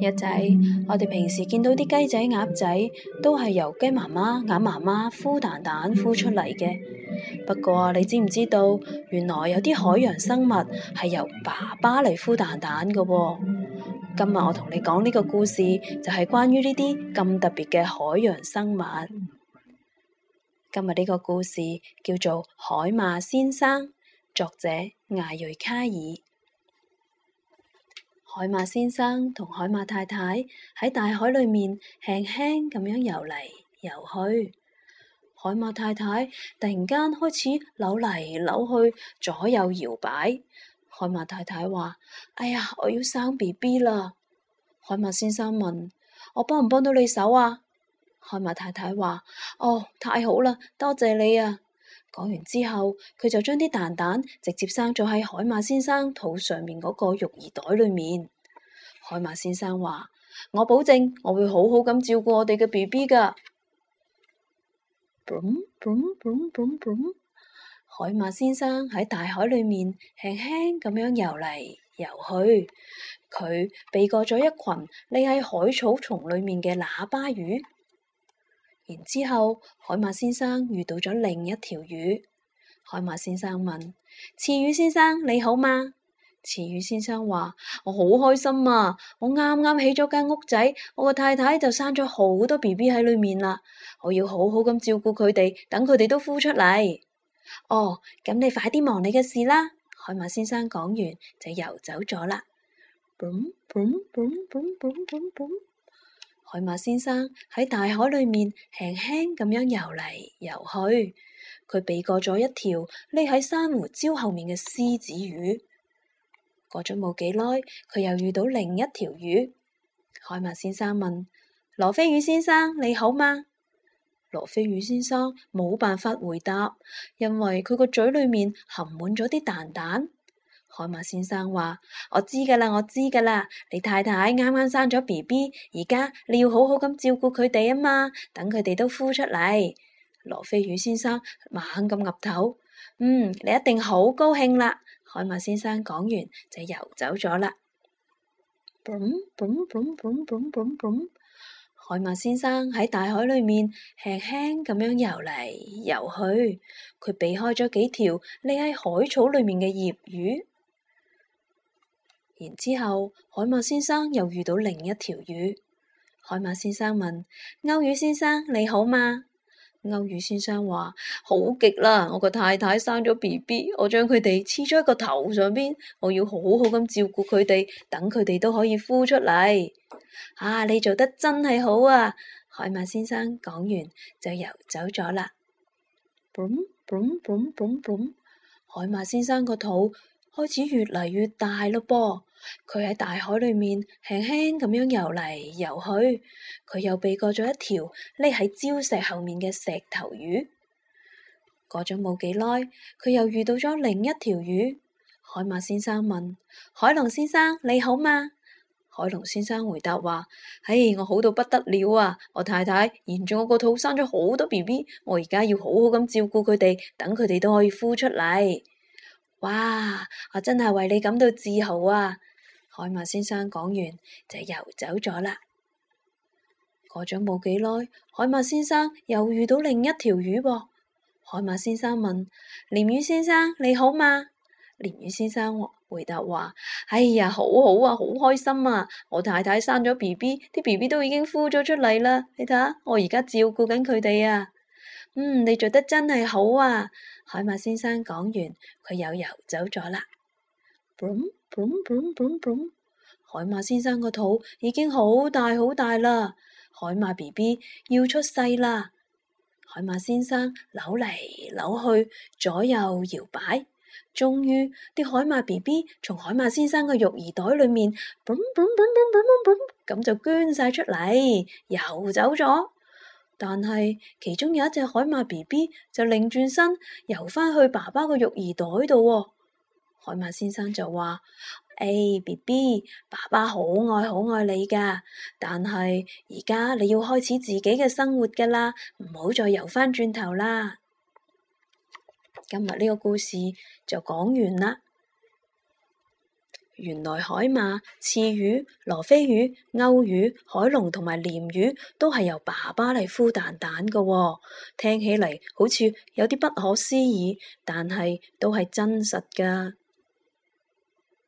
日仔，我哋平時見到啲雞仔、鴨仔，都係由雞媽媽、鴨媽媽孵蛋蛋孵出嚟嘅。不過你知唔知道，原來有啲海洋生物係由爸爸嚟孵蛋蛋嘅哦？今日我同你講呢個故事，就係關於呢啲咁特別嘅海洋生物。今日呢個故事叫做《海馬先生》，作者艾瑞卡爾。海馬先生同海馬太太喺大海裏面輕輕咁樣游嚟游去。海馬太太突然間開始扭嚟扭去，左右搖擺。海馬太太話：哎呀，我要生 BB 啦！海馬先生問：我幫唔幫到你手啊？海馬太太話：哦，太好啦，多謝你啊！講完之後，佢就將啲蛋蛋直接生咗喺海馬先生肚上面嗰個育兒袋裏面。海馬先生話：「我保證我會好好咁照顧我哋嘅 BB 噶。」海馬先生喺大海裏面輕輕咁樣游嚟游去，佢避過咗一群匿喺海草叢裏面嘅喇叭魚。然之後，海馬先生遇到咗另一條魚。海馬先生問：刺魚先生你好嗎？刺魚先生話：我好開心啊！我啱啱起咗間屋仔，我個太太就生咗好多 BB 喺裏面啦。我要好好咁照顧佢哋，等佢哋都孵出嚟。哦，咁你快啲忙你嘅事啦！海馬先生講完就游走咗啦。海馬先生喺大海裏面輕輕咁樣游嚟游去，佢避過咗一條匿喺珊瑚礁後面嘅獅子魚。過咗冇幾耐，佢又遇到另一條魚。海馬先生問羅非魚先生：你好嗎？羅非魚先生冇辦法回答，因為佢個嘴裏面含滿咗啲蛋蛋。海馬先生話：我知噶啦，我知噶啦。你太太啱啱生咗 BB，而家你要好好咁照顧佢哋啊嘛。等佢哋都孵出嚟，羅非魚先生猛咁岌頭。嗯，你一定好高興啦。海馬先生講完就游走咗啦。海馬先生喺大海裏面輕輕咁樣游嚟游去，佢避開咗幾條匿喺海草裏面嘅葉魚。然之後，海馬先生又遇到另一條魚。海馬先生問：歐魚先生你好嗎？歐魚先生話：好極啦！我個太太生咗 B B，我將佢哋黐咗喺個頭上邊，我要好好咁照顧佢哋，等佢哋都可以孵出嚟。啊，你做得真係好啊！海馬先生講完就游走咗啦。boom 海馬先生個肚開始越嚟越大咯噃！佢喺大海裏面輕輕咁樣游嚟游去，佢又避過咗一條匿喺礁石後面嘅石頭魚。過咗冇幾耐，佢又遇到咗另一條魚。海馬先生問：海龍先生你好嗎？海龍先生回答話：嘿，我好到不得了啊！我太太沿住我個肚生咗好多 BB，我而家要好好咁照顧佢哋，等佢哋都可以孵出嚟。哇！我真係為你感到自豪啊！海馬先生講完就游走咗啦。過咗冇幾耐，海馬先生又遇到另一條魚噃。海馬先生問：鯰魚先生你好嘛？鯰魚先生回答話：哎呀，好好啊，好開心啊！我太太生咗 B B，啲 B B 都已經孵咗出嚟啦。你睇下，我而家照顧緊佢哋啊！嗯，你做得真係好啊！海馬先生講完，佢又游走咗啦。boom boom boom boom boom，海馬先生個肚已經好大好大啦，海馬 B B 要出世啦！海馬先生扭嚟扭去，左右搖擺，終於啲海馬 B B 從海馬先生嘅育兒袋裏面 boom boom boom boom boom boom 咁就捐晒出嚟，游走咗。但係，其中有一隻海馬 B B 就擰轉身游返去爸爸個育兒袋度。海馬先生就話：誒、欸，B B，爸爸好愛好愛你噶，但係而家你要開始自己嘅生活噶啦，唔好再游返轉頭啦。今日呢個故事就講完啦。原來海馬、刺魚、羅非魚、鷗魚、海龍同埋鯰魚都係由爸爸嚟孵蛋蛋噶喎，聽起嚟好似有啲不可思議，但係都係真實噶。